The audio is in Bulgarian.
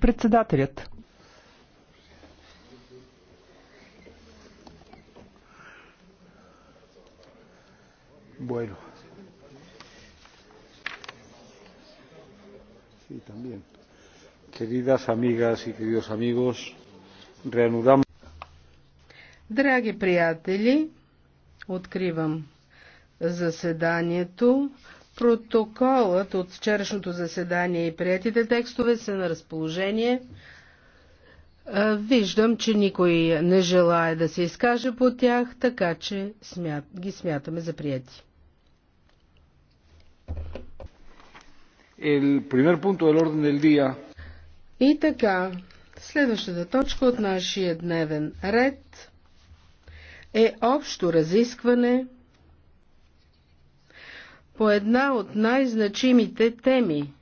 Председателят. Bueno. Sí, también. Queridas amigas y queridos amigos, reanudamos. Драги приятели, откривам заседанието. Протоколът от вчерашното заседание и приятите текстове са на разположение. Виждам, че никой не желая да се изкаже по тях, така че смят, ги смятаме за прияти. И така, следващата точка от нашия дневен ред е общо разискване по една от най-значимите теми